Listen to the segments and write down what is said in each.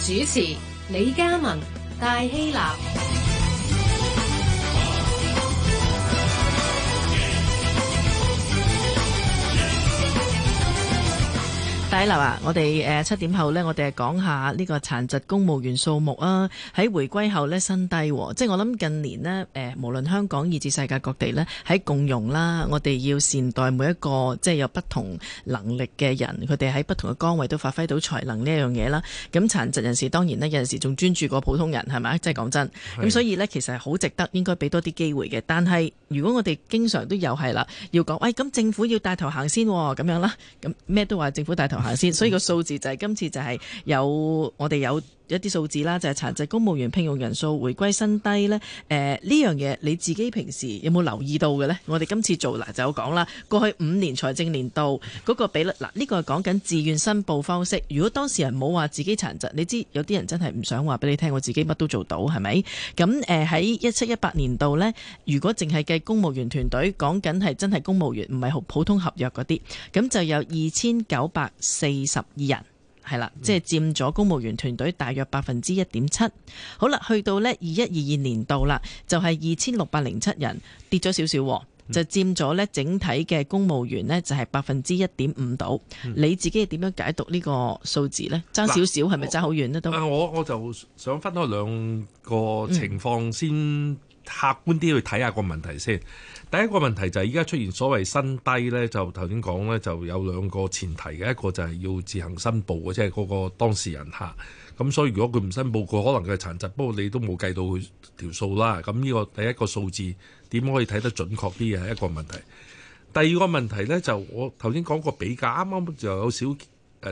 主持李嘉文、戴希娜。第一樓啊，我哋七點後呢，我哋講講下呢個殘疾公務員數目啊。喺回歸後呢，新低喎、喔，即係我諗近年呢，誒無論香港以至世界各地呢，喺共融啦，我哋要善待每一個即係有不同能力嘅人，佢哋喺不同嘅崗位都發揮到才能呢一樣嘢啦。咁殘疾人士當然呢，有陣時仲專注過普通人係咪？即係講真，真。咁是所以呢，其實係好值得應該俾多啲機會嘅。但係如果我哋經常都有係啦，要講喂咁政府要帶頭行先咁、喔、樣啦，咁咩都話政府帶頭。先，所以個數字就係、是、今次就係有我哋有。一啲數字啦，就係、是、殘疾公務員聘用人數回歸新低呢。誒、呃，呢樣嘢你自己平時有冇留意到嘅呢？我哋今次做嗱就有講啦。過去五年財政年度嗰、那個比率，嗱、呃、呢、這個係講緊自願申報方式。如果當事人冇話自己殘疾，你知有啲人真係唔想話俾你聽，我自己乜都做到係咪？咁誒喺一七一八年度呢，如果淨係計公務員團隊，講緊係真係公務員，唔係好普通合約嗰啲，咁就有二千九百四十二人。係啦，即係佔咗公務員團隊大約百分之一點七。好啦，去到呢二一二二年度啦，就係二千六百零七人，跌咗少少，就佔咗呢整體嘅公務員呢，就係百分之一點五度。嗯、你自己點樣解讀呢個數字呢？爭少少係咪爭好遠呢？都？我我就想分開兩個情況先。嗯客觀啲去睇下個問題先。第一個問題就係依家出現所謂新低呢，就頭先講呢就有兩個前提嘅，一個就係要自行申報嘅，即係嗰個當事人嚇。咁所以如果佢唔申報，佢可能佢係殘疾，不過你都冇計到佢條數啦。咁呢個第一個數字點可以睇得準確啲嘅係一個問題。第二個問題呢，就我頭先講個比較啱啱就有少誒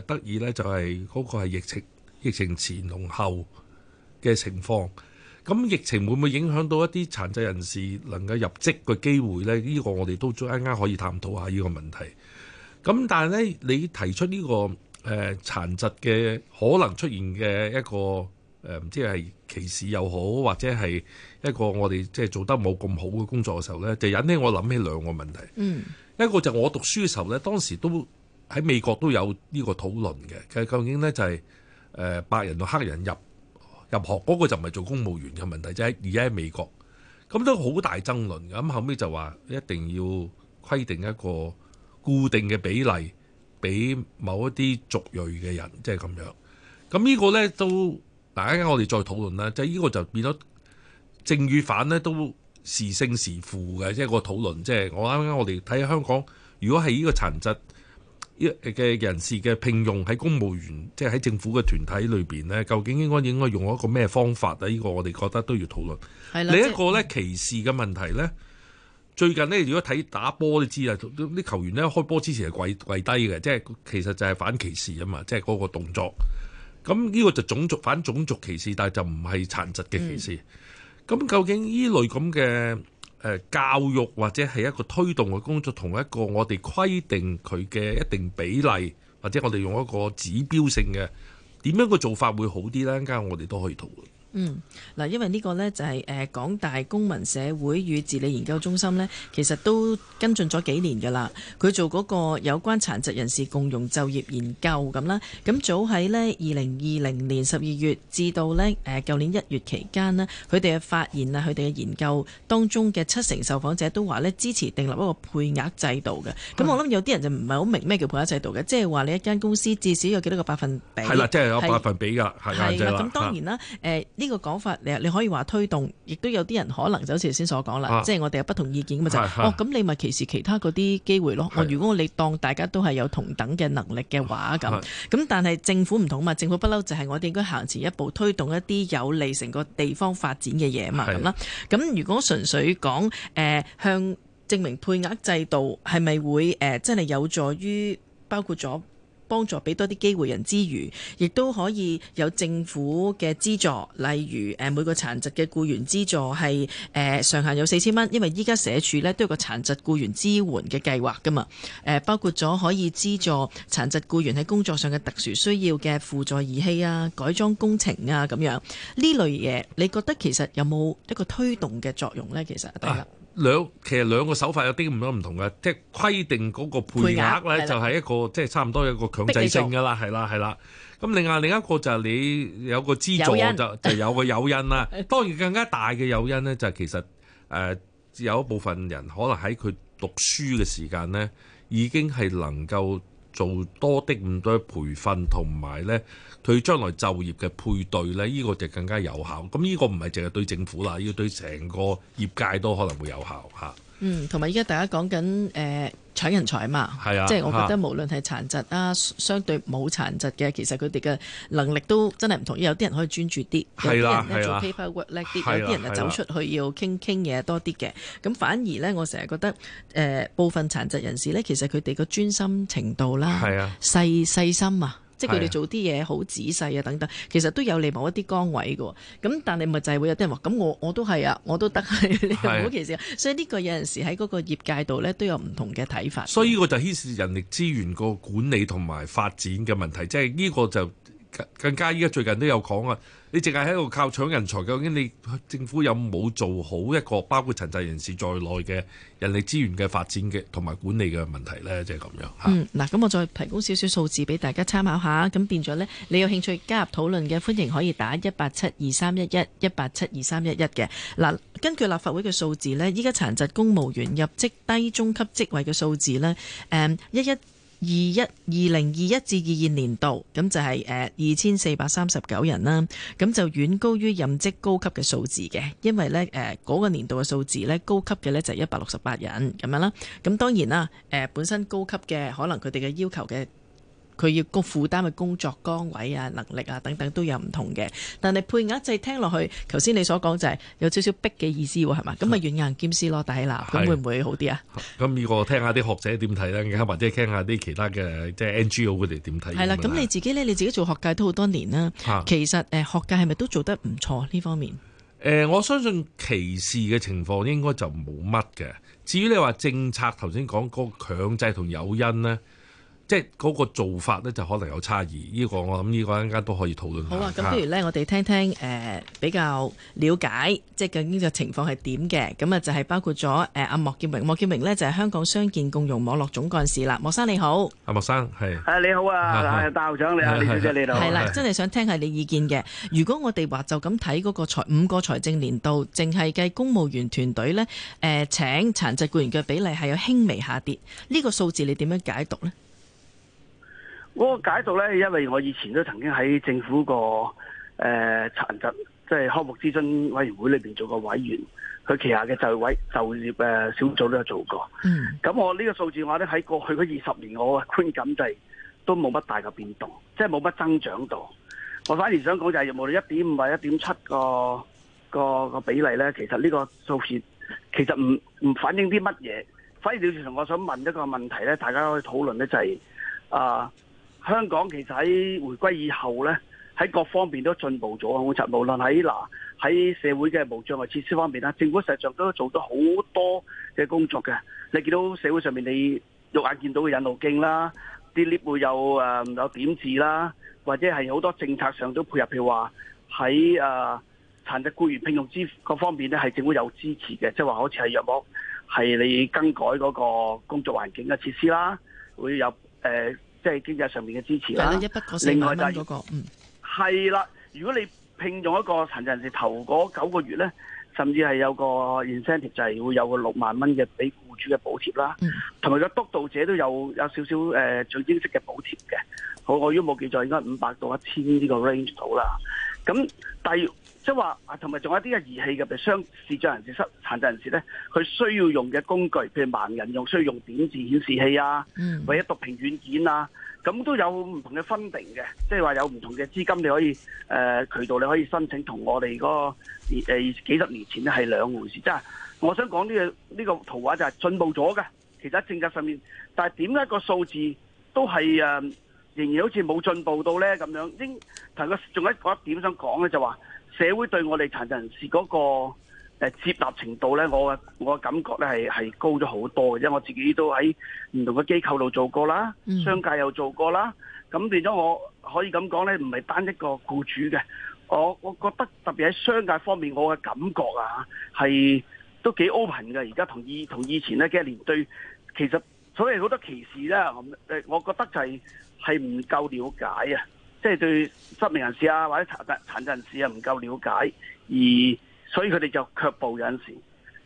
得意呢，就係、是、嗰個係疫情疫情前同後嘅情況。咁疫情會唔會影響到一啲殘疾人士能夠入職嘅機會咧？呢個我哋都啱啱可以探討下呢個問題。咁但係咧，你提出呢個誒殘疾嘅可能出現嘅一個誒，即係歧視又好，或者係一個我哋即係做得冇咁好嘅工作嘅時候咧，就引起我諗起兩個問題。嗯，一個就我讀書嘅時候咧，當時都喺美國都有呢個討論嘅。其實究竟咧就係誒白人同黑人入？入學嗰，嗰個就唔係做公務員嘅問題，即係而家喺美國，咁都好大爭論。咁後尾就話一定要規定一個固定嘅比例，俾某一啲族裔嘅人，即係咁樣。咁呢個呢，都，大家我哋再討論啦。即係呢個就變咗正與反呢都時勝時，就係時勝時負嘅，即係個討論。即、就、係、係，我啱啱我哋睇香港，如果係呢個殘疾嘅人士嘅聘用喺公務員，即係喺政府嘅團體裏面，咧，究竟應該應該用一個咩方法啊？呢、呢個我哋覺得都要討論。係啦的，另一個咧歧視嘅問題咧，即最近咧如果睇打波都知啦，啲球員咧開波之前係跪跪低嘅，即係其實就係反歧視啊嘛，即係嗰個動作。咁呢個就種族反種族歧視，但係就唔係殘疾嘅歧視。咁、嗯、究竟呢類咁嘅？誒教育或者係一個推動嘅工作，同一個我哋規定佢嘅一定比例，或者我哋用一個指標性嘅點樣嘅做法會好啲呢？依家我哋都可以討論。嗯，嗱，因為呢個呢、就是，就係誒港大公民社會與治理研究中心呢，其實都跟進咗幾年噶啦。佢做嗰個有關殘疾人士共融就業研究咁啦，咁早喺呢，二零二零年十二月至到呢，誒舊年一月期間呢，佢哋嘅發現啊，佢哋嘅研究當中嘅七成受訪者都話咧支持訂立一個配額制度嘅。咁、嗯、我諗有啲人就唔係好明咩叫配額制度嘅，即係話你一間公司至少有幾多個百分比？係啦，即、就、係、是、有百分比噶限制咁當然啦，誒。呢個講法，你你可以話推動，亦都有啲人可能就好似頭先所講啦，啊、即係我哋有不同意見咁就是，是哦咁是你咪歧視其他嗰啲機會咯。我是如果我哋當大家都係有同等嘅能力嘅話咁，咁是但係政府唔同嘛，政府不嬲就係我哋應該行前一步推動一啲有利成個地方發展嘅嘢嘛咁是啦。咁如果純粹講誒、呃、向證明配額制度係咪會誒、呃、真係有助於包括咗？幫助俾多啲機會人之餘，亦都可以有政府嘅資助，例如每個殘疾嘅雇員資助係、呃、上限有四千蚊，因為依家社署呢都有個殘疾雇員支援嘅計劃㗎嘛、呃。包括咗可以資助殘疾雇員喺工作上嘅特殊需要嘅輔助儀器啊、改裝工程啊咁樣呢類嘢，你覺得其實有冇一個推動嘅作用呢？其實，第兩其實兩個手法有啲咁多唔同嘅，即係規定嗰個配額咧，額就係一個即係的差唔多一個強制性嘅啦，係啦係啦。咁另外另一個就係你有個資助就因就有個誘因啦。 當然更加大嘅誘因咧，就係、是、其實誒、呃、有一部分人可能喺佢讀書嘅時間咧，已經係能夠。做多啲咁多的培訓，同埋呢對將來就業嘅配對呢，呢、呢個就更加有效。咁呢個唔係淨係對政府啦，要、呢個、對成個業界都可能會有效嚇。嗯，同埋依家大家講緊誒。呃搶人才啊嘛，啊即係我覺得無論係殘疾啊，相對冇殘疾嘅，其實佢哋嘅能力都真係唔同。有啲人可以專注啲，啊、有啲人咧、啊、做 paper work 叻啲，啊、有啲人啊走出去要傾傾嘢多啲嘅。咁反而咧，我成日覺得誒、呃、部分殘疾人士咧，其實佢哋個專心程度啦，啊、細細心啊。即係佢哋做啲嘢好仔細啊等等，其實都有你某一啲崗位嘅，咁但係咪就係會有啲人話，咁我我都係啊，我都得係，你唔好歧視。的所以呢個有陣時喺嗰個業界度咧都有唔同嘅睇法。所以呢個就牽涉人力資源個管理同埋發展嘅問題，即係呢個就。更加依家最近都有講啊！你淨係喺度靠搶人才，究竟你政府有冇做好一個包括殘疾人士在內嘅人力資源嘅發展嘅同埋管理嘅問題呢？即係咁樣。嗯，嗱，咁我再提供少少數字俾大家參考下，咁變咗呢，你有興趣加入討論嘅，歡迎可以打一八七二三一一一八七二三一一嘅。嗱，根據立法會嘅數字呢，依家殘疾公務員入職低中級職位嘅數字呢，誒，一一。二一二零二一至二二年度，咁就係誒二千四百三十九人啦，咁就遠高於任職高級嘅數字嘅，因為呢誒嗰個年度嘅數字呢，高級嘅呢就一百六十八人咁樣啦，咁當然啦，誒本身高級嘅可能佢哋嘅要求嘅。佢要個負擔嘅工作崗位啊、能力啊等等都有唔同嘅，但係配額制聽落去，頭先你所講就係有少少逼嘅意思喎，係嘛？咁啊，軟硬兼施咯，底嗱，咁的會唔會好啲啊？咁如果聽下啲學者點睇咧，或者聽下啲其他嘅即係 NGO 佢哋點睇？係啦，咁你自己咧，你自己做學界都好多年啦，的其實誒學界係咪都做得唔錯呢方面？誒、呃，我相信歧視嘅情況應該就冇乜嘅。至於你話政策頭先講嗰個強制同誘因呢？即係嗰個做法呢，就可能有差異。呢、這個我諗，呢個一陣間都可以討論。好啊，咁不如呢，我哋聽聽誒、呃、比較了解，即係究竟個情況係點嘅。咁啊，就係包括咗誒阿莫儉榮。莫儉榮呢，就係香港傷健共融網絡總幹事啦。莫生你好，阿、啊、莫生係你好啊，啊大鄧校長你好，你好。李小姐你啊，係啦、啊，你真係想聽下你意見嘅。如果我哋話就咁睇嗰個財五個財政年度，淨係計公務員團隊呢，誒、呃、請殘疾雇員嘅比例係有輕微下跌呢、這個數字，你點樣解讀呢？嗰個解讀咧，因為我以前都曾經喺政府個誒、呃、殘疾即係康復諮詢委員會裏邊做過委員，佢旗下嘅就位就業誒小組都有做過。嗯，咁我呢個數字話咧喺過去嗰二十年，我嘅觀感就係、是、都冇乜大嘅變動，即係冇乜增長度。我反而想講就係無論一點五或一點七個個個比例咧，其實呢個數字其實唔唔反映啲乜嘢。反而小志同我想問一個問題咧，大家可以討論咧、就是，就係啊～香港其實喺回歸以後咧，喺各方面都進步咗。其實無論喺嗱喺社會嘅無障礙設施方面啦，政府實在都做咗好多嘅工作嘅。你見到社會上面你肉眼見到嘅引路徑啦，啲 lift 會有誒有點字啦，或者係好多政策上都配合，譬如話喺誒殘疾僱員聘用之各方面咧，係政府有支持嘅，即係話好似係弱網，係你更改嗰個工作環境嘅設施啦，會有誒。呃即係經濟上面嘅支持啦、啊。那個、另外就係、是，係啦、嗯。如果你聘用一個殘疾人士，就是、頭嗰九個月咧，甚至係有個 incentive 就係、是、會有個六萬蚊嘅俾僱主嘅補貼啦。同埋、嗯、個督導者都有有少少誒最應式嘅補貼嘅。好，我如果冇記錯，應該五百到一千呢個 range 度啦。咁第。但即係話啊，同埋仲有啲嘅儀器嘅，譬如視障人士、失殘疾人士咧，佢需要用嘅工具，譬如盲人用需要用點字顯示器啊，或者讀屏軟件啊，咁都有唔同嘅分定嘅。即係話有唔同嘅資金，你可以誒、呃、渠道，你可以申請同我哋嗰、那個誒、呃、幾十年前咧係兩回事。即係我想講呢、這個呢、這個圖畫就係進步咗嘅，其實政策上面，但係點解個數字都係誒、呃、仍然好似冇進步到咧咁樣？應同個仲有一點想講咧，就話。社會對我哋殘疾人士嗰個誒接納程度咧，我嘅我嘅感覺咧係係高咗好多嘅，因為我自己都喺唔同嘅機構度做過啦，商界又做過啦，咁變咗我可以咁講咧，唔係單一個僱主嘅，我我覺得特別喺商界方面，我嘅感覺啊，係都幾 open 嘅。而家同以同以前咧幾年對，其實所以好多歧視咧，我覺得就係係唔夠了解啊。即係對失明人士啊，或者殘疾殘疾人士啊，唔夠了解，而所以佢哋就卻步有陣時。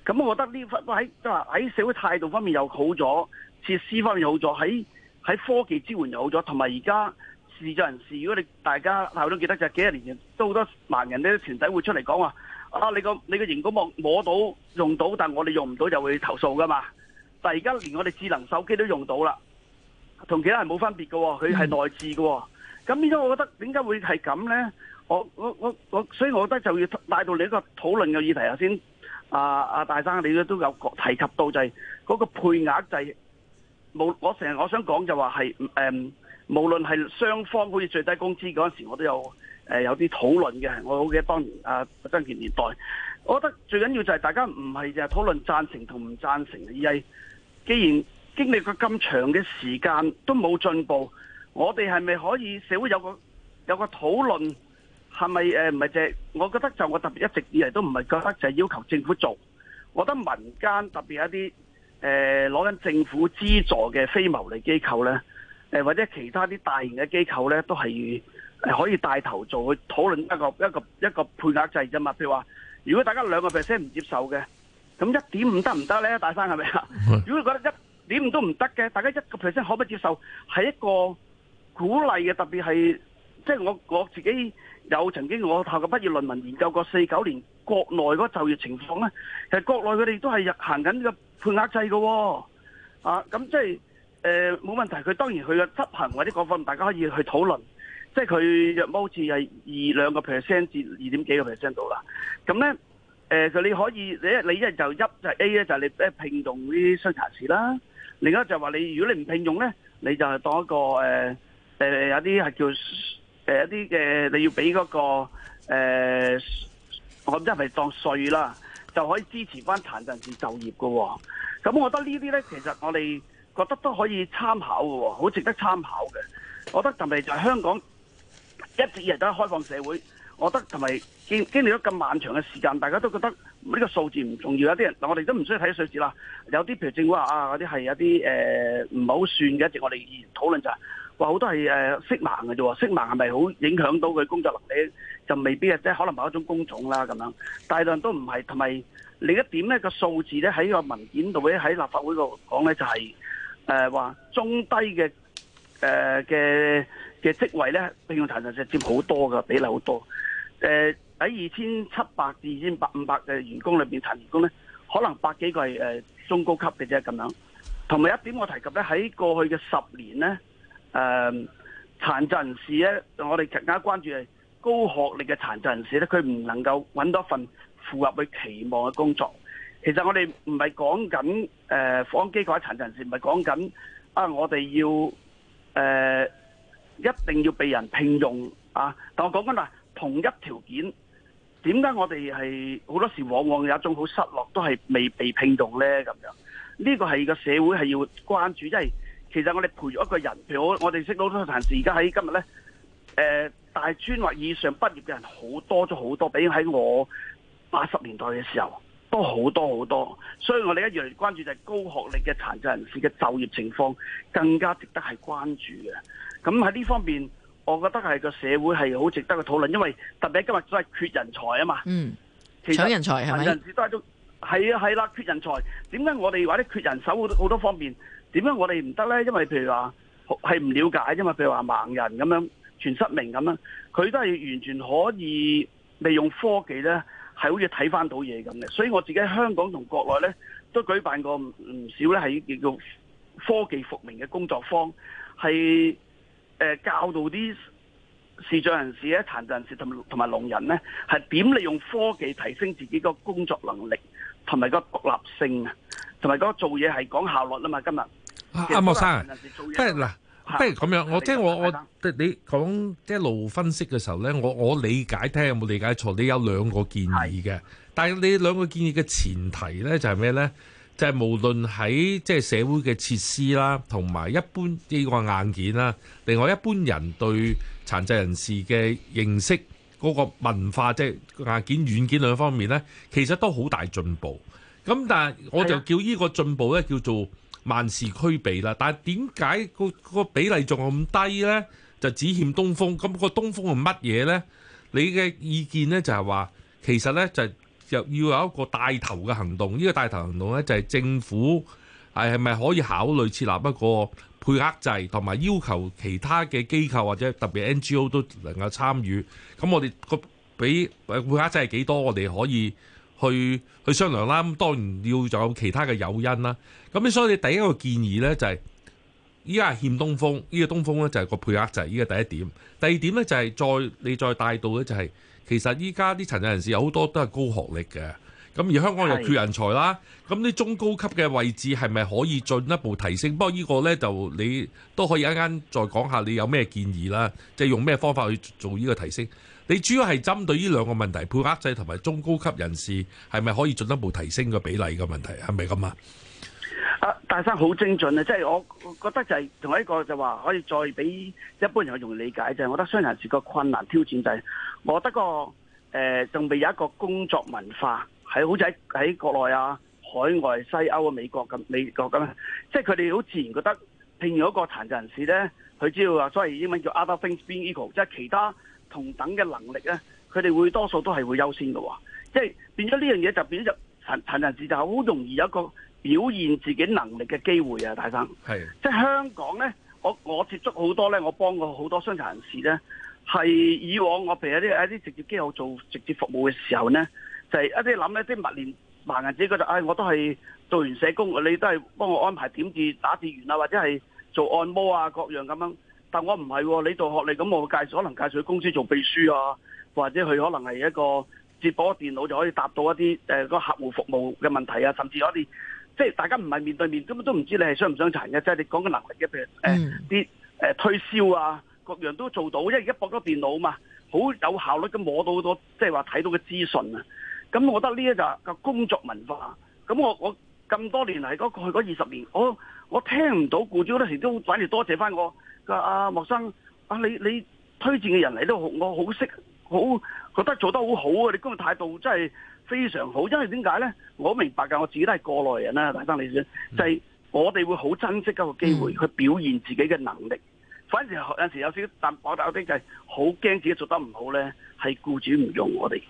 咁我覺得呢喺即係話喺社會態度方面又好咗，設施方面又好咗，喺喺科技支援又好咗，同埋而家視障人士，如果你大家頭都記得就係、幾廿年前都好多盲人呢啲團體會出嚟講話啊，你個你個螢光幕摸到用到，但係我哋用唔到就會投訴噶嘛。但係而家連我哋智能手機都用到啦，同其他人冇分別㗎喎、哦，佢係內置㗎喎、哦。嗯咁呢種，我覺得點解會係咁咧？我我我我，所以，我覺得就要帶到你一個討論嘅議題頭先。阿阿大生，你都都有提及到就係嗰個配額就係、冇、我成日我想講就話係誒，無論係雙方好似最低工資嗰陣時，我都有誒、呃、有啲討論嘅。我好記得當年阿曾健年代，我覺得最緊要就係大家唔係就係討論贊成同唔贊成，而係既然經歷過咁長嘅時間都冇進步。我哋係咪可以社會有個有個討論？係咪誒？唔、呃、係淨係？我覺得就我特別一直以嚟都唔係覺得就係要求政府做。我覺得民間特別一啲誒攞緊政府資助嘅非牟利機構咧、呃，或者其他啲大型嘅機構咧，都係誒可以帶頭做去討論一個一個一個配額制啫嘛。譬如話，如果大家兩個 percent 唔接受嘅，咁一點五得唔得咧？大生係咪啊？是是是如果覺得一點五都唔得嘅，大家一個 percent 可唔可以接受？係一個。鼓勵嘅，特別係即係我我自己有曾經我透過畢業論文研究過四九年國內嗰個就業情況咧，其實國內佢哋都係行緊呢個配額制嘅、哦，啊咁即係誒冇問題。佢當然佢嘅執行或者嗰份大家可以去討論，即係佢好似係二兩個 percent 至二點幾個 percent 度啦。咁咧誒，佢、呃、你可以你你一就一就是、A 咧就是你誒聘用啲傷殘人士啦，另一就話你如果你唔聘用咧，你就係當一個誒。呃呃、有啲係叫、呃、有一啲嘅，你要俾嗰、那個、呃、我唔知係咪當稅啦，就可以支持翻殘疾人士就業嘅、哦。咁、嗯、我覺得呢啲咧，其實我哋覺得都可以參考嘅、哦，好值得參考嘅。我覺得同埋就係香港一直以來開放社會，我覺得同埋經經歷咗咁漫長嘅時間，大家都覺得呢個數字唔重要。有啲人嗱，我哋都唔需要睇數字啦。有啲譬如政府話啊，嗰啲係有啲誒唔好算嘅，一直我哋討論就係、是。話好多係誒色盲嘅啫，色盲係咪好影響到佢工作能力？就未必嘅，即係可能某一種工種啦咁樣。大量都唔係，同埋另一點咧，個數字咧喺個文件度咧，喺立法會度講咧就係誒話中低嘅誒嘅嘅職位咧，聘用殘殘實佔好多㗎，比例好多。誒喺二千七百至二千八五百嘅員工裏邊，殘員工咧可能百幾個係誒中高級嘅啫咁樣。同埋一點我提及咧，喺過去嘅十年咧。誒，殘、呃、疾人士咧，我哋更加關注係高學歷嘅殘疾人士咧，佢唔能夠揾到份符合佢期望嘅工作。其實我哋唔係講緊誒，房屋機構殘疾人士唔係講緊啊，我哋要誒、呃、一定要被人聘用啊。但我講緊啦，同一條件，點解我哋係好多時候往往有一種好失落，都係未被聘用咧？咁樣呢、這個係個社會係要關注，即係。其實我哋培育一個人，譬如我哋識到啲殘疾人士，而家喺今日咧，誒、呃、大專或以上畢業嘅人好多咗好多，比喺我八十年代嘅時候都好多好多好多。所以我哋一樣嚟，關注就係高學歷嘅殘疾人士嘅就業情況，更加值得係關注嘅。咁喺呢方面，我覺得係個社會係好值得去討論，因為特別今日都係缺人才啊嘛。嗯，搶人才係咪？人，人士都係啊，係啦、啊，缺人才。點解我哋話咧缺人手好多，多方面？點解我哋唔得呢？因為譬如話係唔了解，因為譬如話盲人咁樣全失明咁樣，佢都係完全可以利用科技呢，係好似睇翻到嘢咁嘅。所以我自己喺香港同國內呢，都舉辦過唔少呢係叫用科技復明嘅工作坊，係、呃、教導啲視障人士咧、殘疾人士同同埋聾人呢，係點利用科技提升自己個工作能力同埋個獨立性啊，同埋個做嘢係講效率啊嘛。今日阿莫生，不、啊、如嗱，不、啊、如咁樣。啊、我即係說我我你講一路分析嘅時候咧，我我理解聽有冇理解錯？你有兩個建議嘅，的但係你兩個建議嘅前提咧就係咩咧？就係、是就是、無論喺即係社會嘅設施啦，同埋一般呢、這個硬件啦，另外一般人對殘疾人士嘅認識嗰、那個文化，即、就、係、是、硬件、軟件兩方面咧，其實都好大進步。咁但係我就叫個進呢個進步咧叫做。萬事俱備啦，但係點解個個比例仲係咁低呢？就只欠東風，咁個東風係乜嘢呢？你嘅意見呢，就係話，其實呢，就又要有一個帶頭嘅行動，呢個帶頭行動呢，就係政府係係咪可以考慮設立一個配額制，同埋要求其他嘅機構或者特別 NGO 都能夠參與？咁我哋個俾配額制係幾多？我哋可以。去去商量啦，咁當然要有其他嘅誘因啦。咁所以你第一個建議呢、就是，就係依家欠東風，呢、這個東風呢，就係個配額，就係呢個第一點。第二點呢，就係再你再帶到呢、就是，就係其實依家啲殘疾人士有好多都係高學歷嘅，咁而香港又缺人才啦。咁啲的中高級嘅位置係咪可以進一步提升？不過呢個呢，就你都可以一陣間再講一下你有咩建議啦，即、就、係、是、用咩方法去做呢個提升。你主要係針對呢兩個問題，配額制同埋中高級人士係咪可以進一步提升個比例嘅問題，係咪咁啊？啊，大生好精準啊！即、就、係、是、我覺得就係、是、同一個就話可以再俾一般人容易理解就啫、是就是。我覺得殘疾人士嘅困難挑戰就係我得個誒仲未有一個工作文化係好似喺喺國內啊、海外西歐啊、美國咁、美國咁，即係佢哋好自然覺得譬如一個殘疾人士咧，佢只要話所謂英文叫 other things being equal，即係、就是、其他。同等嘅能力咧，佢哋會多數都係會優先嘅喎，即係變咗呢樣嘢就變咗殘殘人士就好容易有一個表現自己能力嘅機會啊，大生是即係香港咧，我我接觸好多咧，我幫過好多傷殘人士咧，係以往我譬如喺啲直接機構做直接服務嘅時候咧，就係、是、一啲諗咧，啲物連盲人自己嗰度，唉、哎，我都係做完社工，你都係幫我安排點字打字員啊，或者係做按摩啊，各樣咁樣。但我唔係喎，你做學歷咁，我介紹可能介紹去公司做秘書啊，或者佢可能係一個接駁電腦就可以達到一啲誒、呃那個客戶服務嘅問題啊，甚至有啲。即係大家唔係面對面，根本都唔知你係傷唔傷殘嘅，即係你講嘅能力嘅，譬如啲誒推銷啊，各樣都做到，因為而家駁咗電腦嘛，好有效率咁摸到好多，即係話睇到嘅資訊啊。咁我覺得呢一就個工作文化，咁我我咁多年嚟嗰、過去嗰二十年，我我聽唔到僱主好多時都反而多謝翻我。啊，莫生啊，你你推薦嘅人嚟都好，我好識，好覺得做得好好啊！你工作態度真係非常好，因為點解咧？我明白㗎，我自己都係過來人啦，大生你先，就係、是、我哋會好珍惜一個機會去表現自己嘅能力。嗯、反而有陣時有少，但我有啲就係好驚自己做得唔好咧，係僱主唔用我哋。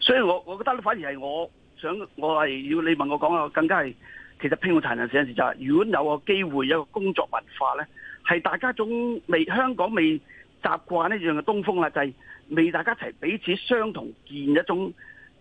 所以我我覺得反而係我想我係要你問我講啊，更加係其實拼我談人時陣時候就係、是，如果有一個機會有一個工作文化咧。係大家種種未香港未習慣呢樣嘅東風啦，就係、是、未大家一齊彼此相同見一種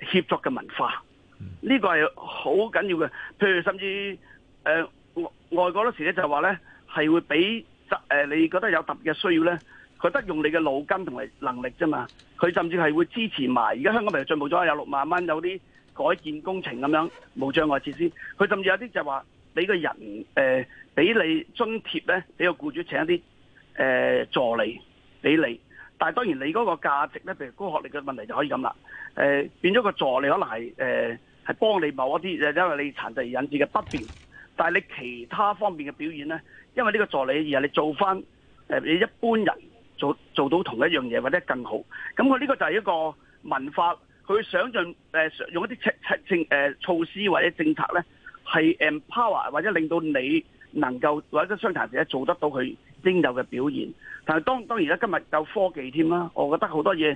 協作嘅文化。呢、這個係好緊要嘅。譬如甚至誒外、呃、外國時咧，就話咧係會俾誒、呃、你覺得有特別嘅需要咧，佢得用你嘅腦筋同埋能力啫嘛。佢甚至係會支持埋而家香港咪最進步咗，有六萬蚊有啲改建工程咁樣無障礙設施。佢甚至有啲就話。俾個人誒，俾、呃、你津貼咧，俾個僱主請一啲誒、呃、助理俾你，但係當然你嗰個價值咧，譬如高學歷嘅問題就可以咁啦。誒、呃、變咗個助理可能係誒係幫你某一啲，因為你殘疾而引致嘅不便，但係你其他方面嘅表現咧，因為呢個助理而係你做翻誒你一般人做做到同一樣嘢或者更好。咁佢呢個就係一個文化，佢想像誒、呃、用一啲措施或者政策咧。係 Empower 或者令到你能夠或者傷殘者做得到佢應有嘅表現。但係當當然咧，今日有科技添啦。我覺得好多嘢，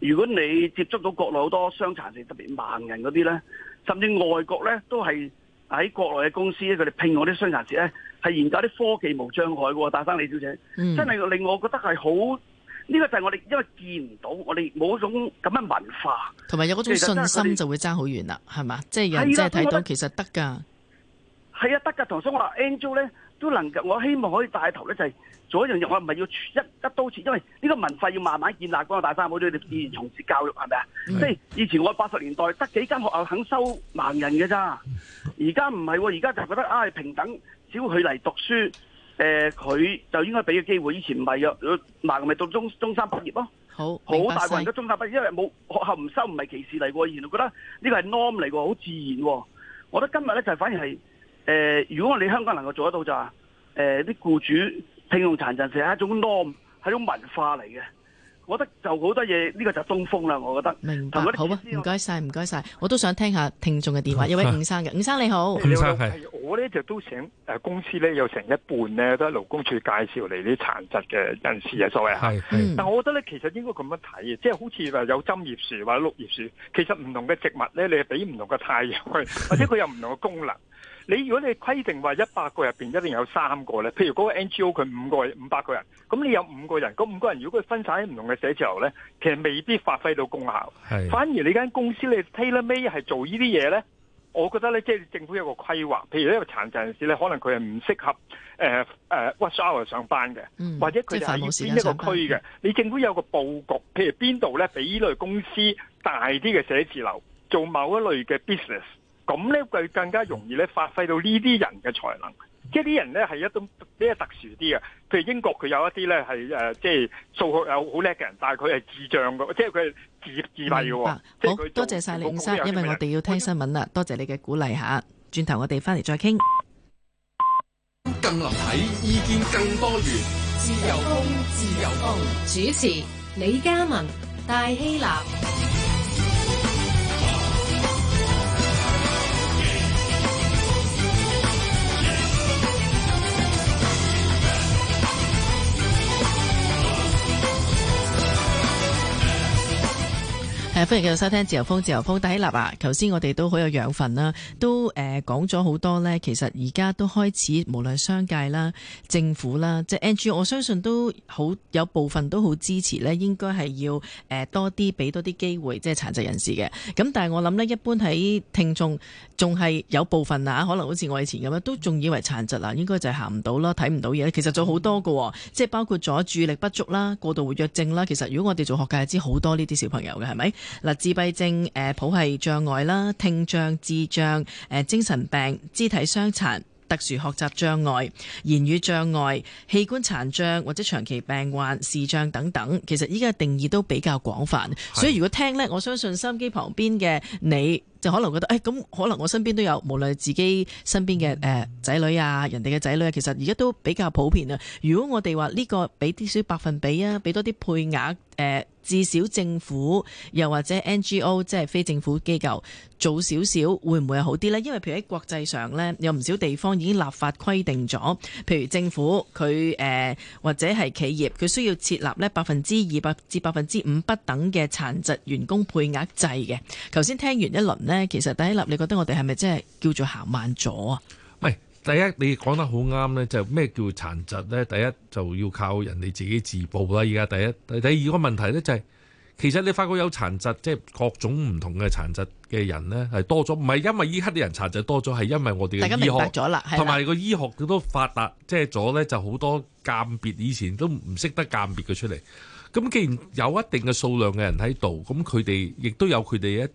如果你接觸到國內好多傷殘者，特別盲人嗰啲咧，甚至外國咧，都係喺國內嘅公司，佢哋聘我啲傷殘者咧，係研究啲科技無障礙嘅。大生李小姐，真係令我覺得係好，呢個就係我哋因為見唔到，我哋冇種咁嘅文化，同埋有嗰種信心就會爭好遠啦，係嘛們？即係有人即係睇到其實得㗎。係啊，得噶，唐生，我話 Angel 咧都能夠，我希望可以帶頭咧，就係、是、做一樣嘢，我唔係要一一刀切，因為呢個文化要慢慢建立。講大三好，哋哋以前從事教育係咪啊？即係、嗯、以，以前我八十年代得幾間學校肯收盲人嘅咋，而家唔係，而家就覺得唉、啊、平等，只要佢嚟讀書，誒、呃、佢就應該俾個機會。以前唔係嘅，盲咪讀中中三畢業咯、啊。好，好大個人都中三畢業，西因為冇學校唔收，唔係歧視嚟喎。原來覺得呢個係 norm 嚟喎，好自然、啊。我覺得今日咧就反而係。誒、呃，如果我哋香港能夠做得到就係、是，誒、呃，啲雇主聘用殘疾，其實係一種 norm，係一種文化嚟嘅。我覺得就好多嘢呢、這個就東風啦，我覺得。明白。好啊，唔該晒，唔該晒。我都想聽下聽眾嘅電話。的有位伍生嘅，伍生你好。你好，我咧就都想，誒，公司咧有成一半咧都喺勞工處介紹嚟啲殘疾嘅人士啊，所謂。係。但我覺得咧，其實應該咁樣睇即係好似話有針葉樹或者綠葉樹，其實唔同嘅植物咧，你係俾唔同嘅太陽去，或者佢有唔同嘅功能。的你如果你規定話一百個入邊一定有三個咧，譬如嗰個 NGO 佢五個五百個人，咁你有五個人，嗰五個人如果佢分散喺唔同嘅寫字樓咧，其實未必發揮到功效。是反而你間公司你 tailor made 係做呢啲嘢咧，我覺得咧即係政府有個規劃，譬如呢個殘疾人士咧，可能佢係唔適合 w 誒誒寫字樓上班嘅，嗯、或者佢就係要邊一個區嘅，你政府有個佈局，譬如邊度咧俾呢類公司大啲嘅寫字樓做某一類嘅 business。咁呢佢更加容易咧，發揮到呢啲人嘅才能。即係啲人咧係一種比較特殊啲嘅，譬如英國佢有一啲咧係誒，即係數學有好叻嘅人，但係佢係智障嘅，即係佢係自閉自閉嘅。嗯、好多謝晒李生，因為我哋要聽新聞啦，多謝你嘅鼓勵吓。轉頭我哋翻嚟再傾。更立體，意見更多元，自由風，自由風，主持李嘉文，戴希娜。誒、啊，歡迎繼續收聽《自由風》，自由風，戴希立啊！頭先我哋都好有養分啦，都誒講咗好多呢。其實而家都開始，無論商界啦、政府啦，即係 NG，我相信都好有部分都好支持呢，應該係要誒、呃、多啲俾多啲機會，即係殘疾人士嘅。咁但係我諗呢，一般喺聽眾仲係有部分啊，可能好似我以前咁樣，都仲以為殘疾啊，應該就係行唔到啦，睇唔到嘢。其實仲好多噶，即係包括咗注意力不足啦、過度活躍症啦。其實如果我哋做學界係知好多呢啲小朋友嘅，係咪？嗱，自閉症譜系障礙啦，聽障、智障、精神病、肢體傷殘、特殊學習障礙、言語障礙、器官殘障或者長期病患、視障等等，其實依家定義都比較廣泛，是所以如果聽呢，我相信收音機旁邊嘅你，就可能覺得，誒、哎、咁可能我身邊都有，無論自己身邊嘅仔女啊，人哋嘅仔女啊，其實而家都比較普遍啊。如果我哋話呢個俾啲少百分比啊，俾多啲配額、呃至少政府又或者 NGO 即係非政府機構做少少，會唔會好啲呢？因為譬如喺國際上呢，有唔少地方已經立法規定咗，譬如政府佢、呃、或者係企業佢需要設立呢百分之二百至百分之五不等嘅殘疾員工配額制嘅。頭先聽完一輪呢，其實第一粒你覺得我哋係咪真係叫做行慢咗啊？第一，你講得好啱咧，就咩、是、叫殘疾咧？第一就要靠人哋自己自報啦。依家第一，第第二個問題咧就係、是，其實你發覺有殘疾，即、就是、各種唔同嘅殘疾嘅人咧係多咗，唔係因為依刻啲人殘疾多咗，係因為我哋嘅醫學，同埋個醫學都發達，即係咗咧就好、是、多鑑別，以前都唔識得鑑別嘅出嚟。咁既然有一定嘅數量嘅人喺度，咁佢哋亦都有佢哋一。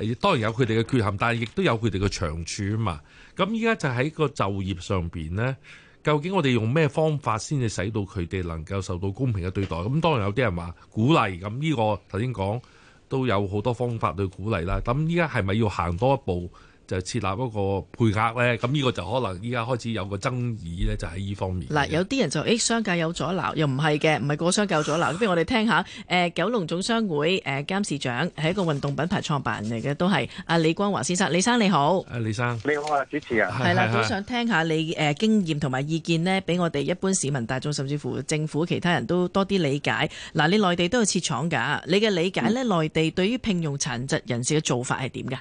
誒當然有佢哋嘅缺陷，但係亦都有佢哋嘅長處啊嘛。咁依家就喺個就業上邊呢，究竟我哋用咩方法先至使到佢哋能夠受到公平嘅對待？咁當然有啲人話鼓勵，咁、這、呢個頭先講都有好多方法去鼓勵啦。咁依家係咪要行多一步？就設立嗰個配額呢，咁呢個就可能依家開始有個爭議呢，就喺呢方面。嗱，有啲人就誒、欸、商界有阻撓，又唔係嘅，唔係個商界有阻撓。不 如我哋聽下、呃、九龍總商會誒、呃、監事長，係一個運動品牌創辦人嚟嘅，都係阿、啊、李光華先生。李生你好，啊、李生你好啊，主持人。係啦、啊啊啊，都想聽下你誒、呃、經驗同埋意見呢，俾我哋一般市民大眾，甚至乎政府其他人都多啲理解。嗱，你內地都有設廠㗎，你嘅理解呢？嗯、內地對於聘用殘疾人士嘅做法係點㗎？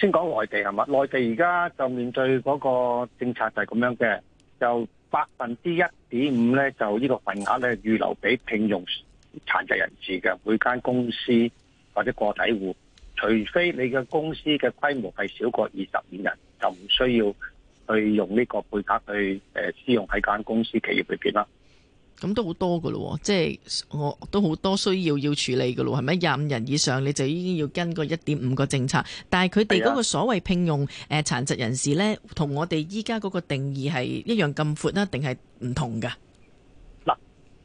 先講內地係嘛，內地而家就面對嗰個政策就係咁樣嘅，就百分之一點五咧，就呢個份額咧預留俾聘用殘疾人士嘅每間公司或者個體戶，除非你嘅公司嘅規模係少過二十五人，就唔需要去用呢個配額去誒使用喺間公司企業裏邊啦。咁都好多噶咯，即係我都好多需要要處理噶咯，係咪廿五人以上你就已經要跟個一點五個政策？但係佢哋嗰個所謂聘用誒殘疾人士呢，同我哋依家嗰個定義係一樣咁闊啦，定係唔同噶？嗱，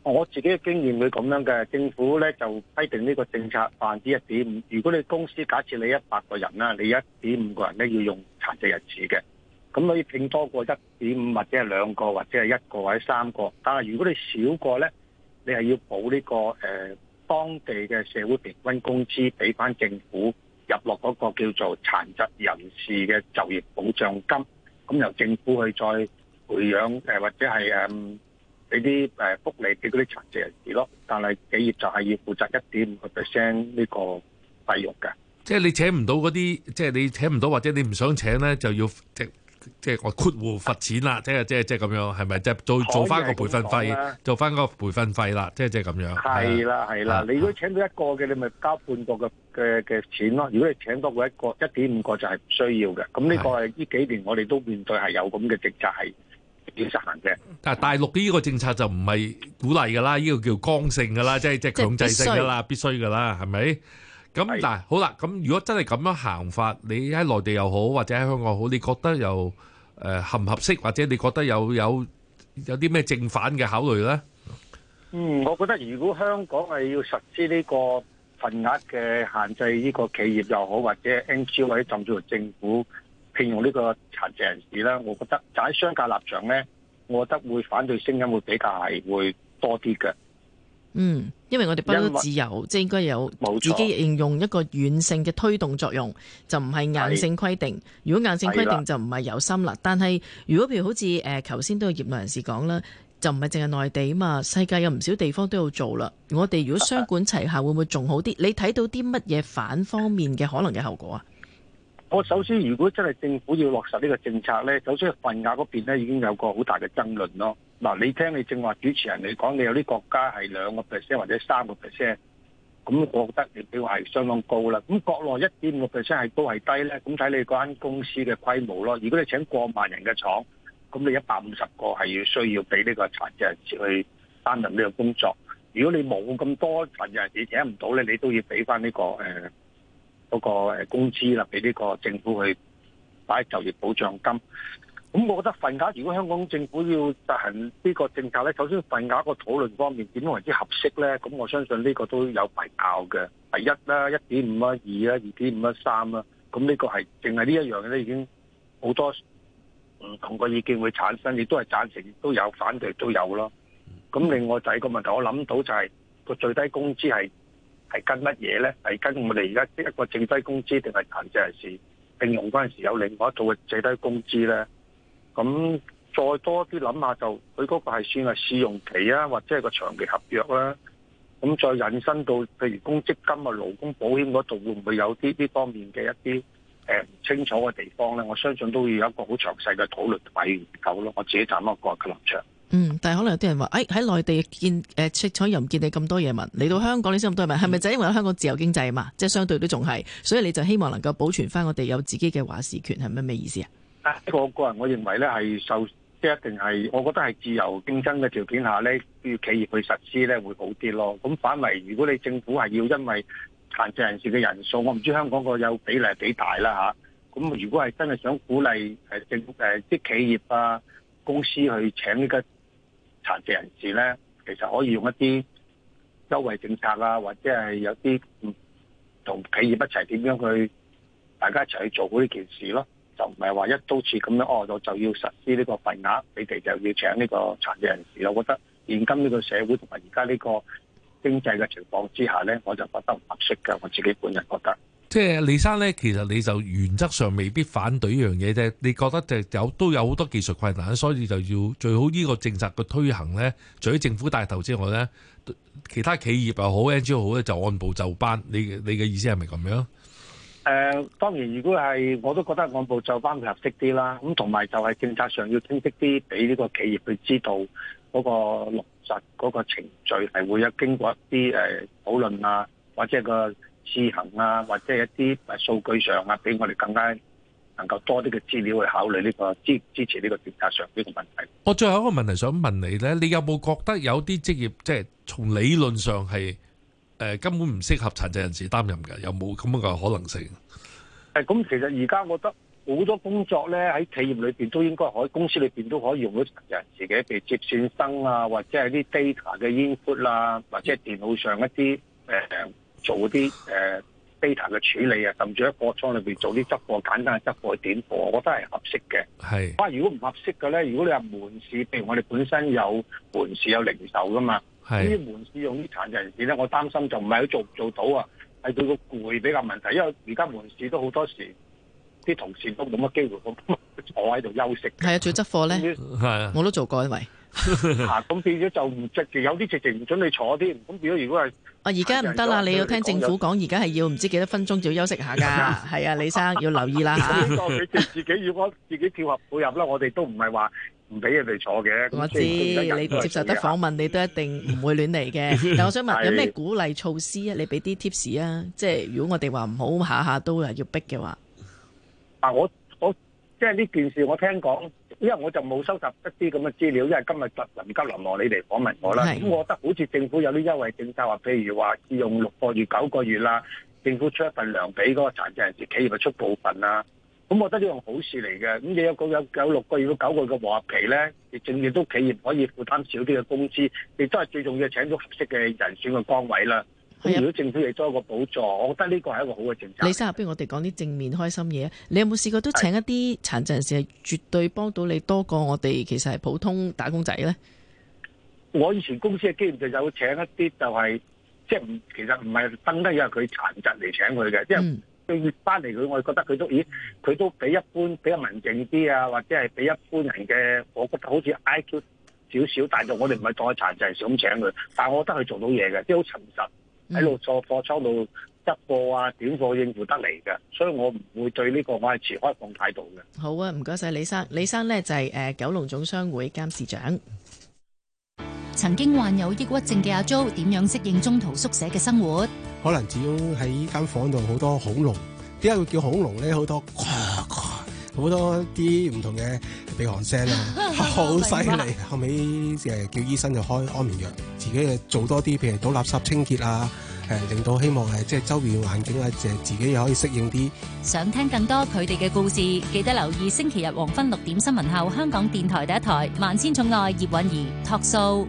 我自己嘅經驗會咁樣嘅，政府呢就規定呢個政策百分之一點五。如果你公司假設你一百個人啦，你一點五個人呢，要用殘疾日子嘅。咁可以聘多過一點五，或者係兩個或者係一個或者三個，但係如果你少過咧，你係要補呢、這個誒、呃、當地嘅社會平均工資俾翻政府入落嗰個叫做殘疾人士嘅就業保障金。咁、嗯、由政府去再培養誒、呃、或者係誒俾啲誒福利俾嗰啲殘疾人士咯。但係企業就係要負責一點五個 percent 呢個費用嘅。即係你請唔到嗰啲，即係你請唔到或者你唔想請咧，就要即。即係我豁戶罰錢啦，即係即係即係咁樣，係咪即係再做翻個培訓費，做翻個培訓費啦，即係即係咁樣。係啦，係啦，你如果請到一個嘅，你咪交半個嘅嘅嘅錢咯。如果你請到一個，一點五個就係唔需要嘅。咁呢個係呢幾年我哋都面對係有咁嘅政策係要實行嘅。但啊，大陸呢個政策就唔係鼓勵噶啦，呢個叫剛性噶啦，即係即係強制性噶啦，必須噶啦，係咪？咁嗱那是，好啦，咁如果真係咁樣行法，你喺內地又好，或者喺香港好，你覺得又誒、呃、合唔合適，或者你覺得有有有啲咩正反嘅考慮咧？嗯，我覺得如果香港係要實施呢個份額嘅限制，呢個企業又好，或者 NGO 或者甚至乎政府聘用呢個殘疾人士咧，我覺得就喺商界立場咧，我覺得會反對聲音會比較係會多啲嘅。嗯。因為我哋不自由，為即係應該有自己應用一個軟性嘅推動作用，錯就唔係硬性規定。是如果硬性規定就唔係有心啦。的但係如果譬如好似誒，頭、呃、先都有業內人士講啦，就唔係淨係內地啊嘛，世界有唔少地方都要做啦。我哋如果雙管齊下會會，會唔會仲好啲？你睇到啲乜嘢反方面嘅可能嘅後果啊？我首先，如果真係政府要落實呢個政策呢，首先份額嗰邊呢已經有個好大嘅爭論咯。嗱，你聽你正話主持人你講，你有啲國家係兩個 percent 或者三個 percent，咁我覺得你標係相當高啦。咁國內一點五個 percent 係都係低咧，咁睇你嗰間公司嘅規模咯。如果你請過萬人嘅廠，咁你一百五十個係要需要俾呢個殘疾人士去擔任呢個工作。如果你冇咁多殘疾人士你請唔到咧，你都要俾翻呢個誒嗰個誒工資啦，俾呢個政府去擺就業保障金。咁，我覺得份額，如果香港政府要執行呢個政策咧，首先份額個討論方面點為之合適咧？咁我相信呢個都有排拗嘅，第一啦，5, 2, 2. 5, 3, 一點五啦，二啦，二點五啊三啦，咁呢個係淨係呢一樣咧，已經好多唔同個意見會產生，亦都係贊成都有，反對都有咯。咁另外第二個問題，我諗到就係、是、個最低工資係係跟乜嘢咧？係跟我哋而家一個最低工資定係殘疾人士並用嗰陣時有另外一套嘅最低工資咧？咁再多啲諗下，就佢嗰個係算係試用期啊，或者係個長期合約啦。咁再引申到，譬如公積金啊、勞工保險嗰度，會唔會有啲呢方面嘅一啲誒唔清楚嘅地方咧？我相信都要有一個好詳細嘅討論同埋研究咯。我自己站落個個立場。嗯，但係可能有啲人話，誒喺內地見誒出彩，呃、又唔見你咁多嘢問。嚟到香港你先咁多嘢問，係咪就因為香港自由經濟啊嘛？即係相對都仲係，所以你就希望能夠保存翻我哋有自己嘅話事權，係咩咩意思啊？我個人我認為咧，係受即係一定係，我覺得係自由競爭嘅條件下咧，要企業去實施咧會好啲咯。咁反為如果你政府係要因為殘疾人士嘅人數，我唔知香港個有比例係幾大啦嚇。咁如果係真係想鼓勵政誒即企業啊公司去請呢個殘疾人士咧，其實可以用一啲優惠政策啊，或者係有啲嗯同企業一齊點樣去大家一齊去做好呢件事咯。就唔係話一刀切咁樣，哦，我就要實施呢個份額，你哋就要請呢個殘疾人士。我覺得現今呢個社會同埋而家呢個經濟嘅情況之下呢，我就覺得唔合適嘅。我自己本人覺得，即係李生呢，其實你就原則上未必反對呢樣嘢啫。你覺得就有都有好多技術困難，所以就要最好呢個政策嘅推行呢。除咗政府帶頭之外呢，其他企業又好 NGO 好咧，就按部就班。你你嘅意思係咪咁樣？誒、呃，當然，如果係我都覺得按部就班會合適啲啦。咁同埋就係政策上要清晰啲，俾呢個企業去知道嗰個落實嗰個程序係會有經過一啲誒討論啊，或者個試行啊，或者一啲數據上啊，俾我哋更加能夠多啲嘅資料去考慮呢、這個支支持呢個政策上呢個問題。我最後一個問題想問你呢，你有冇覺得有啲職業即係、就是、從理論上係？誒、呃，根本唔適合殘疾人士擔任嘅，有冇咁樣嘅可能性？誒、嗯，咁其實而家我覺得好多工作咧喺企業裏邊都應該可以，公司裏邊都可以用到殘疾人士嘅，譬如接線生啊，或者係啲 data 嘅 input 啦、啊，或者係電腦上一啲誒、呃、做啲誒 data 嘅處理啊，甚至喺貨倉裏邊做啲執貨簡單嘅執貨去點貨，我覺得係合適嘅。係是，不過如果唔合適嘅咧，如果你話門市，譬如我哋本身有門市有零售噶嘛。啲、啊、門市用啲殘疾人士咧，我擔心就唔係佢做唔做到啊，係佢個攰比較問題。因為而家門市都好多時，啲同事都冇乜機會坐喺度休息。係啊，做執貨咧，且是啊、我都做過一位。吓 、啊，咁變咗就直直有啲直情唔准你坐添。咁變咗如果係啊，而家唔得啦，你要聽政府講，而家係要唔知幾多分鐘就要休息下噶。係 啊，李生要留意啦吓。 你自己如果自己跳合補入啦。我哋都唔係話。唔俾人哋坐嘅，我知你接受得訪問，你都一定唔會亂嚟嘅。 但我想問，是有咩鼓勵措施啊？你俾啲 tips 啊？即係如果我哋話唔好下下都係要逼嘅話，嗱、啊，我我即係呢件事，我聽講，因為我就冇收集一啲咁嘅資料，因為今日臨急臨忙，你嚟訪問我啦。咁的我覺得好似政府有啲優惠政策，話譬如話用六個月、九個月啦，政府出一份糧俾嗰個殘疾人士，企業咪出部分啦。咁我覺得呢樣好事嚟嘅，咁你有個有六個月九個月嘅和合期咧，你正亦都企業可以負擔少啲嘅工資，亦都係最重要，請到合適嘅人選嘅崗位啦。咁的如果政府亦多一個補助，我覺得呢個係一個好嘅政策。李先生，不如我哋講啲正面開心嘢。你有冇試過都請一啲殘疾人士，絕對幫到你多過我哋，其實係普通打工仔咧？我以前公司嘅經驗就有請一啲、就是，就係即係唔，其實唔係登因為佢殘疾嚟請佢嘅，即係、嗯。佢越翻嚟佢，我係覺得佢都咦，佢都比一般比較文靜啲啊，或者係比一般人嘅，我覺得好似 IQ 少少，但係我哋唔係當佢殘疾，想請佢。但係我覺得佢做到嘢嘅，即係好誠實喺度坐貨倉度執貨啊、點貨應付得嚟嘅，所以我唔會對呢、這個我係持開放態度嘅。好啊，唔該晒。李生，李生咧就係、是、誒、呃、九龍總商會監事長，曾經患有抑鬱症嘅阿朱點樣適應中途宿舍嘅生活？可能始終喺依間房度好多恐龍，點解會叫恐龍咧？好多嘩嘩，好多啲唔同嘅鼻鼾聲啊，好犀利！ 後尾叫醫生就開安眠藥，自己就做多啲，譬如倒垃圾清潔啊，令到希望即係周邊環境啊，自己又可以適應啲。想聽更多佢哋嘅故事，記得留意星期日黃昏六點新聞後，香港電台第一台《萬千寵愛葉儀》葉韻儀託數。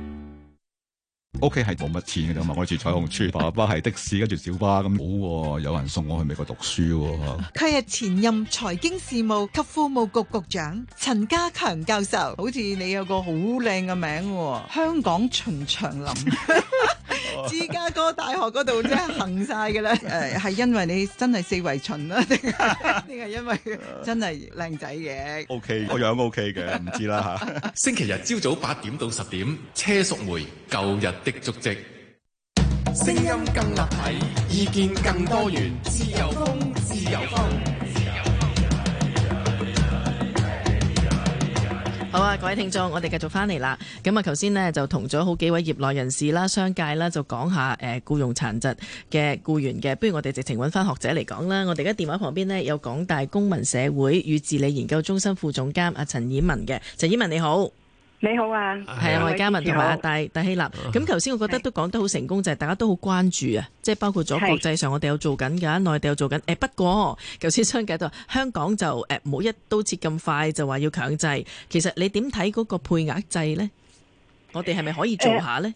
屋企係冇乜錢嘅啫嘛，我住彩虹村，爸爸係的士，跟住小巴咁好、哦，有人送我去美國讀書。佢係前任財經事務及庫務局局長陳家強教授，好似你有個好靚嘅名，香港秦祥林， 芝加哥大學嗰度真係行晒㗎啦。誒、 呃，係因為你真係四圍巡啦，定係因為真係靚仔嘅？O K，我樣 O K 嘅，唔知啦吓。 星期日朝早八點到十點，車淑梅舊日的足跡，聲音更立體，意見更多元，自由風，自由風，自由風。好啊，各位聽眾，我哋繼續翻嚟啦。咁啊，頭先呢就同咗好幾位業內人士啦、商界啦，就講下誒僱用殘疾嘅僱員嘅。不如我哋直情揾翻學者嚟講啦。我哋而家電話旁邊呢，有港大公民社會與治理研究中心副總監阿陳綺文嘅，陳綺文你好。你好啊，係啊，我係嘉、啊、文好，同埋阿大、大希納。咁頭先我覺得都講得好成功，就係、是、大家都好關注啊，即、就、係、是、包括咗國際上，我哋有做緊㗎，是內地有做緊。誒、欸、不過頭先商解到香港就唔冇、欸、一刀切咁快就話要強制。其實你點睇嗰個配額制咧？我哋係咪可以做下咧？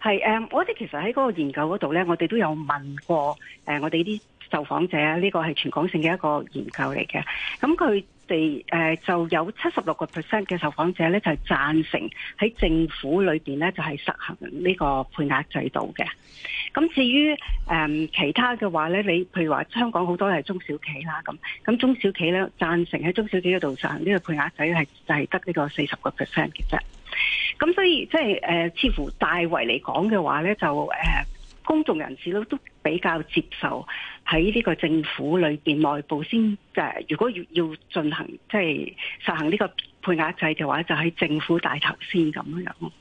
係誒、呃呃，我哋其實喺嗰個研究嗰度咧，我哋都有問過誒、呃，我哋啲。受訪者呢、這個係全港性嘅一個研究嚟嘅，咁佢哋誒就有七十六個 percent 嘅受訪者咧就係、是、贊成喺政府裏邊咧就係實行呢個配額制度嘅。咁至於誒、呃、其他嘅話咧，你譬如話香港好多係中小企啦，咁咁中小企咧贊成喺中小企嗰度實行呢個配額制咧係就係得呢個四十個 percent 嘅啫。咁所以即係誒，似乎大圍嚟講嘅話咧，就誒、呃、公眾人士咧都比較接受。喺呢個政府裏邊內部先誒、呃，如果要要進行即係實行呢個配額制嘅話，就喺政府帶頭先咁樣咯。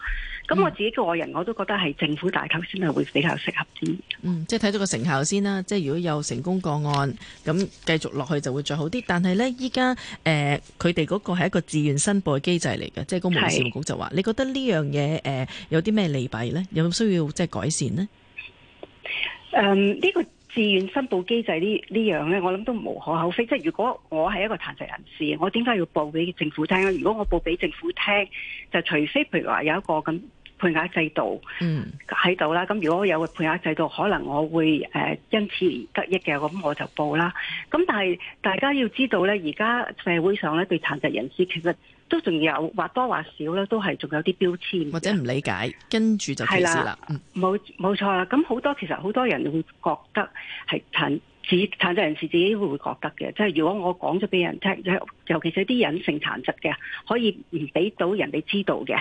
咁我自己個人、嗯、我都覺得係政府帶頭先係會比較適合啲。嗯，即係睇到個成效先啦。即係如果有成功個案，咁繼續落去就會再好啲。但係呢，依家誒佢哋嗰個係一個自願申報嘅機制嚟嘅，即係公務員事務局就話，是你覺得呢樣嘢誒有啲咩利弊呢？有冇需要即係改善咧？誒、嗯，呢、這個。自願申報機制呢呢樣呢，我諗都無可厚非。即係如果我係一個殘疾人士，我點解要報俾政府聽？如果我報俾政府聽，就除非譬如話有一個咁配額制度喺度啦。咁、mm. 如果我有個配額制度，可能我會誒因此而得益嘅，咁我就報啦。咁但係大家要知道呢，而家社會上呢，對殘疾人士其實，都仲有或多或少啦，都係仲有啲標籤或者唔理解，跟住就歧視啦。冇冇錯啦？咁好多其實好多人會覺得係殘自殘疾人士自己會覺得嘅。即係如果我講咗俾人聽，即係尤其是啲隱性殘疾嘅，可以唔俾到人哋知道嘅。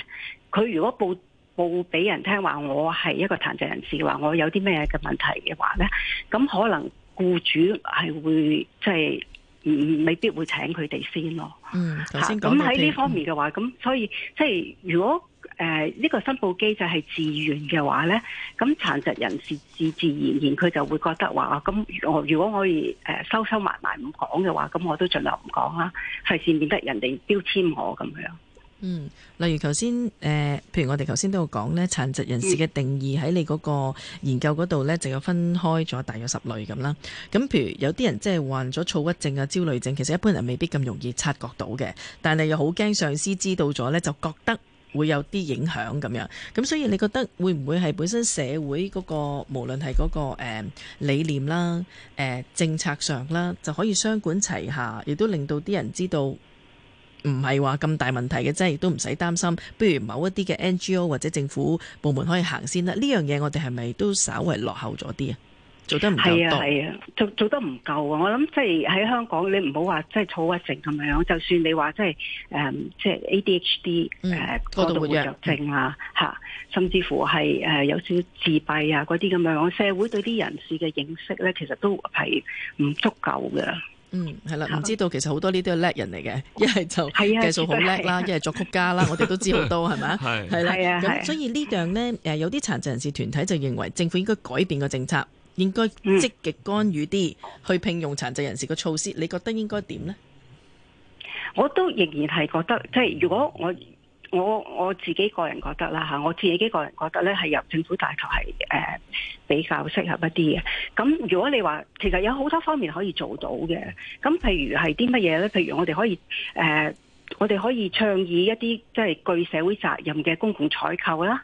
佢如果報報俾人聽話，我係一個殘疾人士，話我有啲咩嘅問題嘅話咧，咁可能僱主係會即係、就是未必會請佢哋先咯。嗯，咁喺呢方面嘅話，咁所以即係如果誒呢、呃呢個申報機制係自願嘅話呢，咁殘疾人士自自然然佢就會覺得話，咁、啊、我如果可以誒、呃、收收埋埋唔講嘅話，咁我都盡量唔講啦，係事免得人哋標籤我咁樣。嗯，例如頭先誒，譬如我哋頭先都有講咧，殘疾人士嘅定義喺你嗰個研究嗰度咧，就有分開咗大約十類咁啦。咁譬如有啲人即係患咗躁鬱症啊、焦慮症，其實一般人未必咁容易察覺到嘅，但係又好驚上司知道咗咧，就覺得會有啲影響咁樣。咁所以你覺得會唔會係本身社會嗰個無論係嗰個、呃、理念啦、誒、呃、政策上啦，就可以雙管齊下，亦都令到啲人知道？唔係話咁大問題嘅，即係亦都唔使擔心。不如某一啲嘅 NGO 或者政府部門可以行先啦。呢樣嘢我哋係咪都稍微落後咗啲啊，啊？做得唔夠多。係啊，係啊，做做得唔夠啊！我諗即係喺香港，你唔好話即係躁鬱症咁樣。就算你話即係誒，即係 ADHD 誒高度活躍症啊嚇，嗯、甚至乎係誒有少少自閉啊嗰啲咁樣，社會對啲人士嘅認識咧，其實都係唔足夠嘅。嗯，係啦，唔知道其實好多呢啲都係叻人嚟嘅，一係我就計數好叻啦，一係作曲家啦，我哋都知好多係咪？係啦，咁所以呢樣呢，誒有啲殘疾人士團體就認為政府應該改變個政策，應該積極干預啲、嗯、去聘用殘疾人士嘅措施。你覺得應該點呢？我都仍然係覺得，即係如果我。我我自己個人覺得啦嚇，我自己個人覺得咧，係由政府大球係誒比較適合一啲嘅。咁如果你話其實有好多方面可以做到嘅，咁譬如係啲乜嘢呢？譬如我哋可以誒、呃，我哋可以倡議一啲即係具社會責任嘅公共採購啦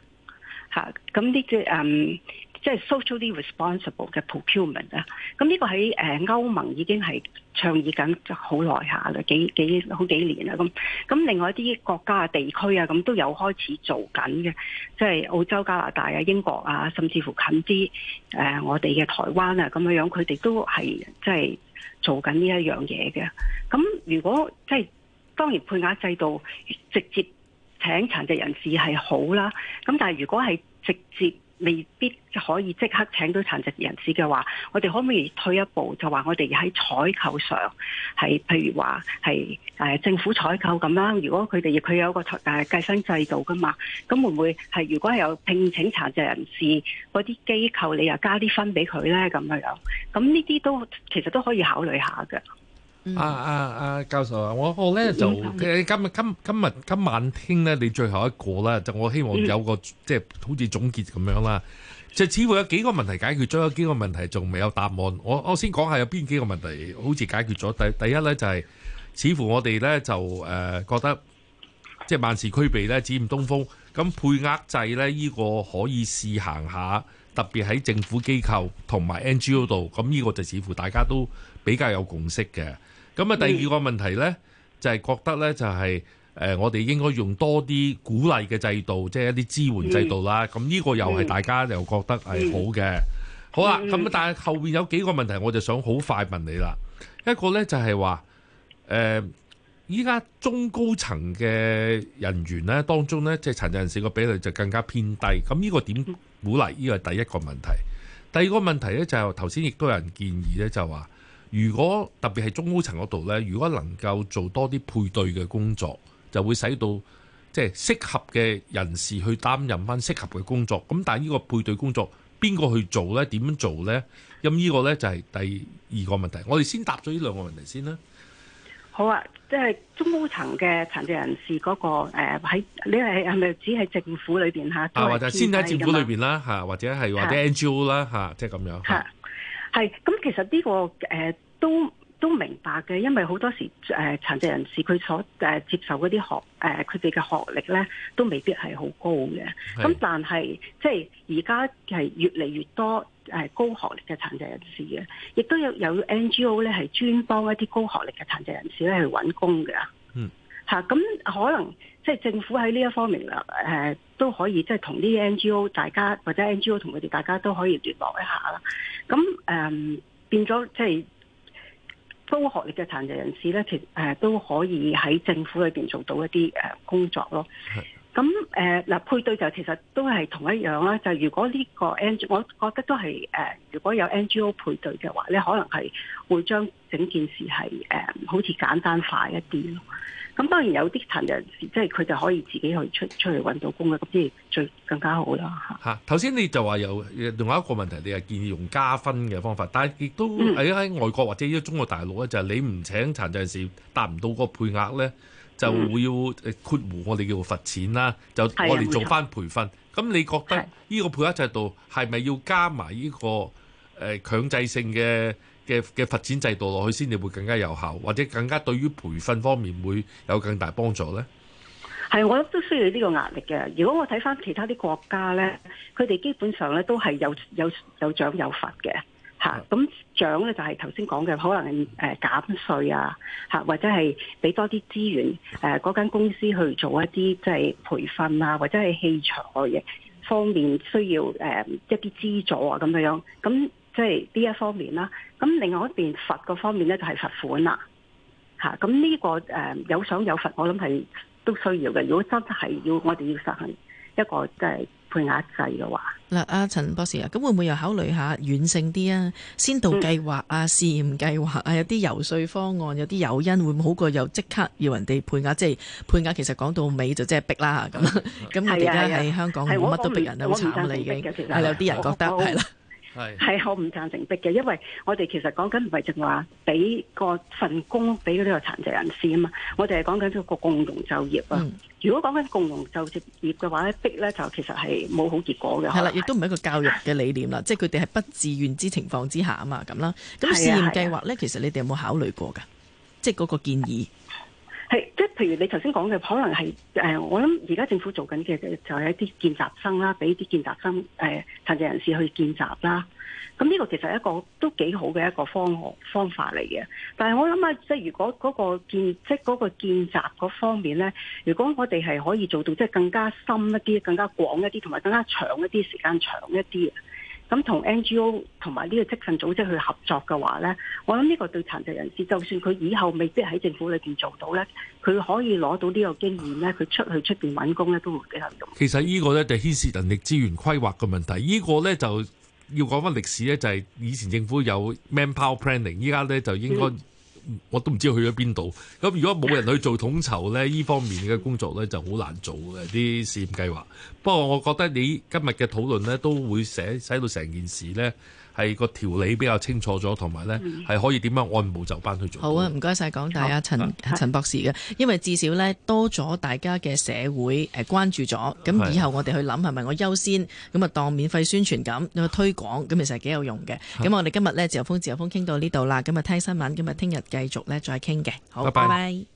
嚇。咁呢啲即係 socially responsible 嘅 procurement 啊！咁呢個喺誒歐盟已經係倡議緊好耐下啦，幾幾好幾年啦咁。咁另外一啲國家啊、地區啊，咁都有開始做緊嘅，即係澳洲、加拿大啊、英國啊，甚至乎近啲誒我哋嘅台灣啊咁樣樣，佢哋都係即係做緊呢一樣嘢嘅。咁如果即係當然配額制度直接請殘疾人士係好啦，咁但係如果係直接。未必可以即刻請到殘疾人士嘅話，我哋可唔可以退一步，就話我哋喺採購上係，譬如話係誒政府採購咁啦。如果佢哋佢有個誒計分制度嘅嘛，咁會唔會係如果係有聘請殘疾人士嗰啲機構，你又加啲分俾佢咧？咁樣樣，咁呢啲都其實都可以考慮一下嘅。嗯、啊啊啊教授啊，我我咧就今日今今日今晚聽咧，你最後一個啦。就我希望有個即係好似總結咁樣啦。就似乎有幾個問題解決咗，有幾個問題仲未有答案。我我先講下有邊幾個問題好似解決咗。第第一咧就係、是、似乎我哋咧就誒、呃、覺得即係萬事俱備咧，只欠東風。咁配額制咧呢、這個可以試行下，特別喺政府機構同埋 NGO 度，咁呢個就似乎大家都比較有共識嘅。咁啊，第二個問題呢、嗯、就係覺得呢、就是，就、呃、係我哋應該用多啲鼓勵嘅制度，即、就、係、是、一啲支援制度啦。咁呢、嗯、個又係大家又覺得係好嘅。嗯嗯、好啦，咁但係後邊有幾個問題，我就想好快問你啦。一個呢就係話誒，依、呃、家中高層嘅人員呢，當中呢，即係殘疾人士個比例就更加偏低。咁呢個點鼓勵？呢個係第一個問題。第二個問題呢、就是，就係頭先亦都有人建議呢就，就話。如果特別係中高層嗰度呢，如果能夠做多啲配對嘅工作，就會使到即係適合嘅人士去擔任翻適合嘅工作。咁但係呢個配對工作邊個去做呢？點樣做呢？咁呢個呢，就係第二個問題。我哋先答咗呢兩個問題先啦。好啊，即係中高層嘅殘疾人士嗰個喺、呃、你係係咪只係政府裏邊嚇？或者先喺政府裏邊啦嚇，或者係或者 NGO 啦嚇，即係咁樣。係，咁其實呢個誒、呃、都都明白嘅，因為好多時誒、呃、殘疾人士佢所誒、呃、接受嗰啲學誒佢哋嘅學歷咧，都未必係好高嘅。咁係但係即係而家係越嚟越多誒、呃、高學歷嘅殘疾人士嘅，亦都有有 NGO 咧係專幫一啲高學歷嘅殘疾人士咧去揾工嘅。吓咁可能即係政府喺呢一方面啦，誒、呃、都可以即係同啲 NGO 大家或者 NGO 同佢哋大家都可以聯絡一下啦。咁誒、呃、變咗即係高學歷嘅殘疾人士咧，其實、呃、都可以喺政府裏面做到一啲誒工作咯。咁誒嗱配對就其實都係同一樣啦。就係、如果呢個 NGO，我覺得都係誒、呃、如果有 NGO 配對嘅話咧，你可能係會將整件事係誒、呃、好似簡單化一啲咯。咁當然有啲殘疾人士，即係佢就可以自己去出出嚟揾到工啦，咁自然最更加好啦嚇。嚇頭先你就話有另外一個問題，你係建議用加分嘅方法，但係亦都喺喺外國或者喺中國大陸咧，嗯、就係你唔請殘疾人士達唔到個配額咧，就會要誒括弧我哋叫做罰錢啦，就我哋做翻培訓。咁的你覺得呢個配額制度係咪要加埋呢、呢個誒、呃、強制性嘅？嘅嘅發展制度落去，先你會更加有效，或者更加對於培訓方面會有更大幫助咧。係我都需要呢個壓力嘅。如果我睇翻其他啲國家咧，佢哋基本上咧都係有有有獎有罰嘅吓，咁獎咧就係頭先講嘅，可能誒減稅啊吓，或者係俾多啲資源誒嗰、呃、間公司去做一啲即係培訓啊，或者係器材嘅方面需要誒、呃、一啲資助啊咁樣樣咁。即係呢一方面啦，咁另外一邊罰嗰方面咧就係罰款啦，吓，咁呢個誒有賞有罰，我諗係都需要嘅。如果真係要我哋要實行一個即係配額制嘅話，嗱、呃，阿陳博士啊，咁會唔會又考慮下遠性啲啊？先導計劃啊，試驗計劃啊，有啲遊說方案，有啲誘因，會唔好過又即刻要人哋配額？嗯、即係配額，其實講到尾就即係逼啦，咁咁而家喺香港冇乜都逼人好慘你嘅經，係有啲人覺得係啦。係係是，我唔贊成逼嘅，因為我哋其實講緊唔係淨話俾個份工俾呢個殘疾人士啊嘛，我哋係講緊一個共融就業啊。嗯、如果講緊共融就職業嘅話咧，逼咧就其實係冇好結果嘅。係啦、嗯，亦都唔係一個教育嘅理念啦， 即係佢哋係不自願之情況之下啊嘛，咁啦。咁試驗計劃咧， 其實你哋有冇考慮過噶？即係嗰個建議。譬如你頭先講嘅，可能係誒，我諗而家政府做緊嘅就係一啲見習生啦，俾啲見習生誒殘疾人士去見習啦。咁呢個其實係一個都幾好嘅一個方案方法嚟嘅。但係我諗下，即係如果嗰、嗰個見即係嗰個見習嗰方面咧，如果我哋係可以做到即係更加深一啲、更加廣一啲、同埋更加長一啲時間長一啲。咁同 NGO 同埋呢個職訓組織去合作嘅話咧，我諗呢個對殘疾人士，就算佢以後未必喺政府裏邊做到咧，佢可以攞到呢個經驗咧，佢出去出邊揾工咧都會幾有用。其實呢個咧就牽涉人力資源規劃嘅問題，呢個咧就要講返歷史咧，就係以前政府有 manpower planning，依家咧就應該。我都唔知去咗邊度。咁如果冇人去做統籌呢，呢方面嘅工作呢就好難做嘅啲試驗計劃。不過我覺得你今日嘅討論呢都會寫使到成件事呢。係個條理比較清楚咗，同埋呢係可以點樣按部就班去做。好啊，唔該曬港大啊陳陳博士嘅，因為至少呢多咗大家嘅社會誒關注咗，咁以後我哋去諗係咪我優先咁啊當免費宣傳咁去推廣，咁其實係幾有用嘅。咁我哋今日呢自由風自由風傾到呢度啦，咁啊聽新聞，咁啊聽日繼續呢再傾嘅。好，拜拜。